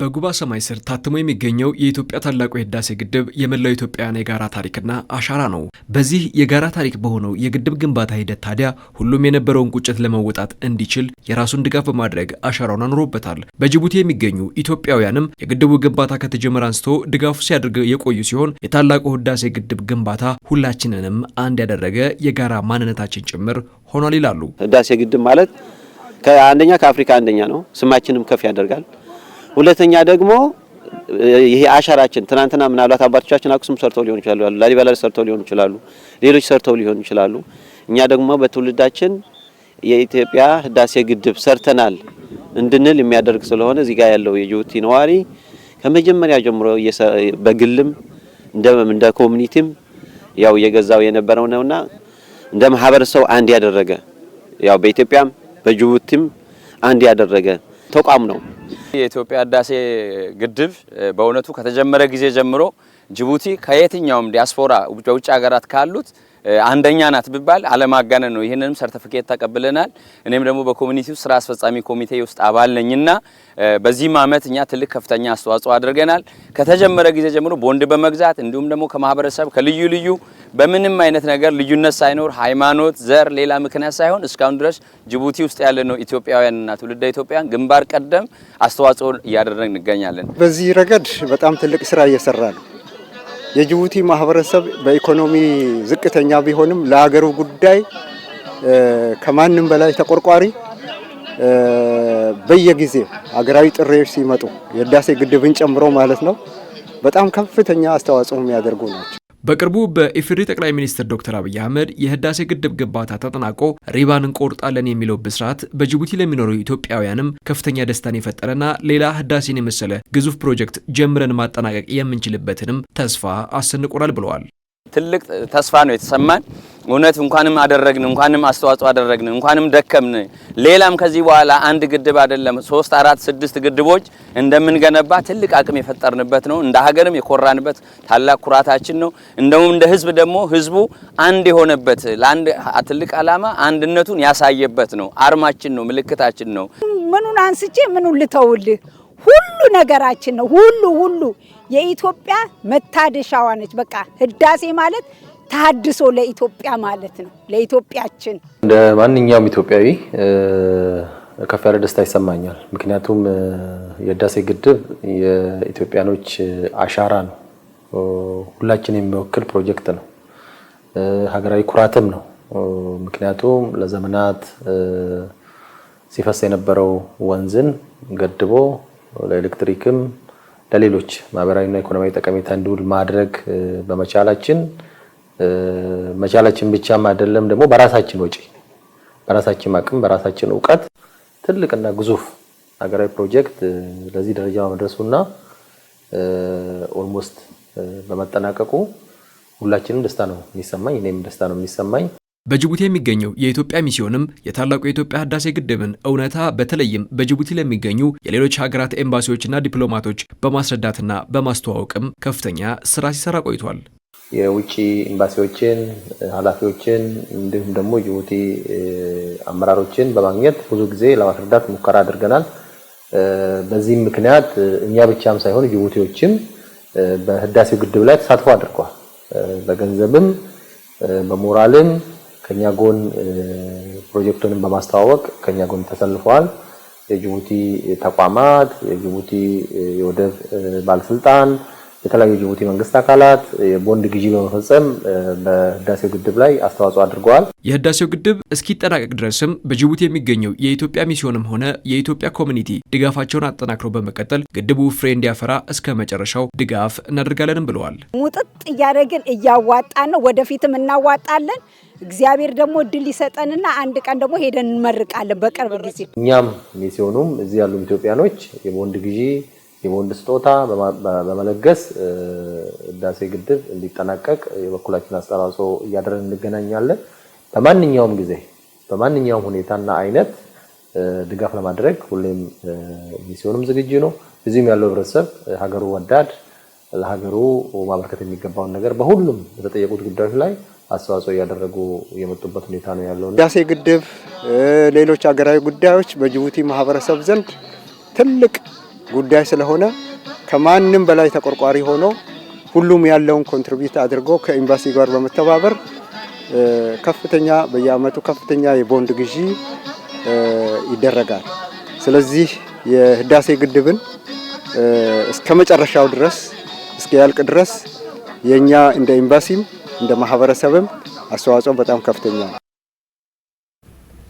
በጉባ ሰማይ ስር ታትሞ የሚገኘው የኢትዮጵያ ታላቁ የህዳሴ ግድብ የመላው ኢትዮጵያውያን የጋራ ታሪክና አሻራ ነው። በዚህ የጋራ ታሪክ በሆነው የግድብ ግንባታ ሂደት ታዲያ ሁሉም የነበረውን ቁጭት ለመወጣት እንዲችል የራሱን ድጋፍ በማድረግ አሻራውን አኑሮበታል። በጅቡቲ የሚገኙ ኢትዮጵያውያንም የግድቡ ግንባታ ከተጀመረ አንስቶ ድጋፉ ሲያደርግ የቆዩ ሲሆን የታላቁ ህዳሴ ግድብ ግንባታ ሁላችንንም አንድ ያደረገ የጋራ ማንነታችን ጭምር ሆኗል ይላሉ። ህዳሴ ግድብ ማለት ከአንደኛ ከአፍሪካ አንደኛ ነው። ስማችንም ከፍ ያደርጋል ሁለተኛ ደግሞ ይሄ አሻራችን ትናንትና ምናልባት አባቶቻችን አክሱም ሰርተው ሊሆን ይችላሉ፣ ላሊበላ ሰርተው ሊሆን ይችላሉ፣ ሌሎች ሰርተው ሊሆን ይችላሉ። እኛ ደግሞ በትውልዳችን የኢትዮጵያ ህዳሴ ግድብ ሰርተናል እንድንል የሚያደርግ ስለሆነ እዚህ ጋር ያለው የጅቡቲ ነዋሪ ከመጀመሪያ ጀምሮ በግልም እንደ ኮሚኒቲም ያው እየገዛው የነበረው ነውና እንደ ማህበረሰብ አንድ ያደረገ ያው በኢትዮጵያም በጅቡቲም አንድ ያደረገ ተቋም ነው። የኢትዮጵያ ህዳሴ ግድብ በእውነቱ ከተጀመረ ጊዜ ጀምሮ ጅቡቲ ከየትኛውም ዲያስፖራ በውጭ ሀገራት ካሉት አንደኛ ናት ብባል አለማጋነን ነው። ይህንንም ሰርቲፊኬት ተቀብለናል። እኔም ደግሞ በኮሚኒቲ ውስጥ ስራ አስፈጻሚ ኮሚቴ ውስጥ አባል ነኝና በዚህም አመት እኛ ትልቅ ከፍተኛ አስተዋጽኦ አድርገናል። ከተጀመረ ጊዜ ጀምሮ ቦንድ በመግዛት እንዲሁም ደግሞ ከማህበረሰብ ከልዩ ልዩ በምንም አይነት ነገር ልዩነት ሳይኖር ሃይማኖት፣ ዘር፣ ሌላ ምክንያት ሳይሆን እስካሁን ድረስ ጅቡቲ ውስጥ ያለ ነው ኢትዮጵያውያንና ትውልደ ኢትዮጵያን ግንባር ቀደም አስተዋጽኦ እያደረግን እንገኛለን። በዚህ ረገድ በጣም ትልቅ ስራ እየሰራ ነው። የጅቡቲ ማህበረሰብ በኢኮኖሚ ዝቅተኛ ቢሆንም ለሀገሩ ጉዳይ ከማንም በላይ ተቆርቋሪ በየጊዜው ሀገራዊ ጥሪዎች ሲመጡ የህዳሴ ግድብን ጨምሮ ማለት ነው በጣም ከፍተኛ አስተዋጽኦ የሚያደርጉ ናቸው። በቅርቡ በኢፌዴሪ ጠቅላይ ሚኒስትር ዶክተር አብይ አህመድ የህዳሴ ግድብ ግንባታ ተጠናቆ ሪባን እንቆርጣለን የሚለው ብስራት በጅቡቲ ለሚኖሩ ኢትዮጵያውያንም ከፍተኛ ደስታን የፈጠረና ሌላ ህዳሴን የመሰለ ግዙፍ ፕሮጀክት ጀምረን ማጠናቀቅ የምንችልበትንም ተስፋ አሰንቆናል ብለዋል። ትልቅ ተስፋ ነው የተሰማን። እውነት እንኳንም አደረግን እንኳንም አስተዋጽኦ አደረግን እንኳንም ደከምን። ሌላም ከዚህ በኋላ አንድ ግድብ አይደለም ሶስት፣ አራት፣ ስድስት ግድቦች እንደምንገነባ ትልቅ አቅም የፈጠርንበት ነው። እንደ ሀገርም የኮራንበት ታላቅ ኩራታችን ነው። እንደውም እንደ ህዝብ ደግሞ ህዝቡ አንድ የሆነበት ለአንድ ትልቅ ዓላማ አንድነቱን ያሳየበት ነው። አርማችን ነው፣ ምልክታችን ነው። ምኑን አንስቼ ምኑን ልተውልህ? ሁሉ ነገራችን ነው። ሁሉ ሁሉ የኢትዮጵያ መታደሻዋ ነች። በቃ ህዳሴ ማለት ታድሶ ለኢትዮጵያ ማለት ነው። ለኢትዮጵያችን እንደ ማንኛውም ኢትዮጵያዊ ከፍ ያለ ደስታ ይሰማኛል። ምክንያቱም የህዳሴ ግድብ የኢትዮጵያኖች አሻራ ነው። ሁላችን የሚወክል ፕሮጀክት ነው። ሀገራዊ ኩራትም ነው። ምክንያቱም ለዘመናት ሲፈስ የነበረው ወንዝን ገድቦ ለኤሌክትሪክም ለሌሎች ማህበራዊና ኢኮኖሚያዊ ጠቀሜታ እንዲውል ማድረግ በመቻላችን መቻላችን ብቻም አይደለም ደግሞ በራሳችን ወጪ፣ በራሳችን አቅም፣ በራሳችን እውቀት ትልቅና ግዙፍ ሀገራዊ ፕሮጀክት ለዚህ ደረጃ መድረሱና ኦልሞስት በመጠናቀቁ ሁላችንም ደስታ ነው የሚሰማኝ፣ እኔም ደስታ ነው የሚሰማኝ። በጅቡቲ የሚገኘው የኢትዮጵያ ሚስዮንም የታላቁ የኢትዮጵያ ህዳሴ ግድብን እውነታ በተለይም በጅቡቲ ለሚገኙ የሌሎች ሀገራት ኤምባሲዎችና ዲፕሎማቶች በማስረዳትና በማስተዋወቅም ከፍተኛ ስራ ሲሰራ ቆይቷል። የውጭ ኤምባሲዎችን ኃላፊዎችን እንዲሁም ደግሞ ጅቡቲ አመራሮችን በማግኘት ብዙ ጊዜ ለማስረዳት ሙከራ አድርገናል። በዚህም ምክንያት እኛ ብቻም ሳይሆን ጅቡቲዎችም በህዳሴው ግድብ ላይ ተሳትፎ አድርገዋል። በገንዘብም በሞራልም ከኛ ጎን ፕሮጀክቱንም በማስተዋወቅ ከኛ ጎን ተሰልፈዋል። የጅቡቲ ተቋማት፣ የጅቡቲ የወደብ ባለስልጣን የተለያዩ የጅቡቲ መንግስት አካላት የቦንድ ግዢ በመፈጸም በህዳሴው ግድብ ላይ አስተዋጽኦ አድርገዋል። የህዳሴው ግድብ እስኪጠናቀቅ ድረስም በጅቡቲ የሚገኘው የኢትዮጵያ ሚስዮንም ሆነ የኢትዮጵያ ኮሚኒቲ ድጋፋቸውን አጠናክረው በመቀጠል ግድቡ ፍሬ እንዲያፈራ እስከ መጨረሻው ድጋፍ እናደርጋለንም ብለዋል። ሙጥጥ እያደረግን እያዋጣ ነው፣ ወደፊትም እናዋጣለን። እግዚአብሔር ደግሞ ድል ይሰጠንና አንድ ቀን ደግሞ ሄደን እንመርቃለን በቅርብ ጊዜ። እኛም ሚስዮኑም እዚህ ያሉ ኢትዮጵያኖች የቦንድ ግዢ የቦንድ ስጦታ በመለገስ ህዳሴ ግድብ እንዲጠናቀቅ የበኩላችን አስተዋጽኦ እያደረግን እንገናኛለን። በማንኛውም ጊዜ በማንኛውም ሁኔታና አይነት ድጋፍ ለማድረግ ሁሌም ሚስዮንም ዝግጁ ነው። እዚህም ያለው ህብረተሰብ ሀገሩ ወዳድ ለሀገሩ ማበርከት የሚገባውን ነገር በሁሉም በተጠየቁት ጉዳዮች ላይ አስተዋጽኦ እያደረጉ የመጡበት ሁኔታ ነው ያለው። ህዳሴ ግድብ፣ ሌሎች ሀገራዊ ጉዳዮች በጅቡቲ ማህበረሰብ ዘንድ ትልቅ ጉዳይ ስለሆነ ከማንም በላይ ተቆርቋሪ ሆኖ ሁሉም ያለውን ኮንትሪቢዩት አድርጎ ከኤምባሲ ጋር በመተባበር ከፍተኛ በየአመቱ ከፍተኛ የቦንድ ግዢ ይደረጋል። ስለዚህ የህዳሴ ግድብን እስከ መጨረሻው ድረስ እስከ ያልቅ ድረስ የእኛ እንደ ኤምባሲም እንደ ማህበረሰብም አስተዋጽኦ በጣም ከፍተኛ ነው።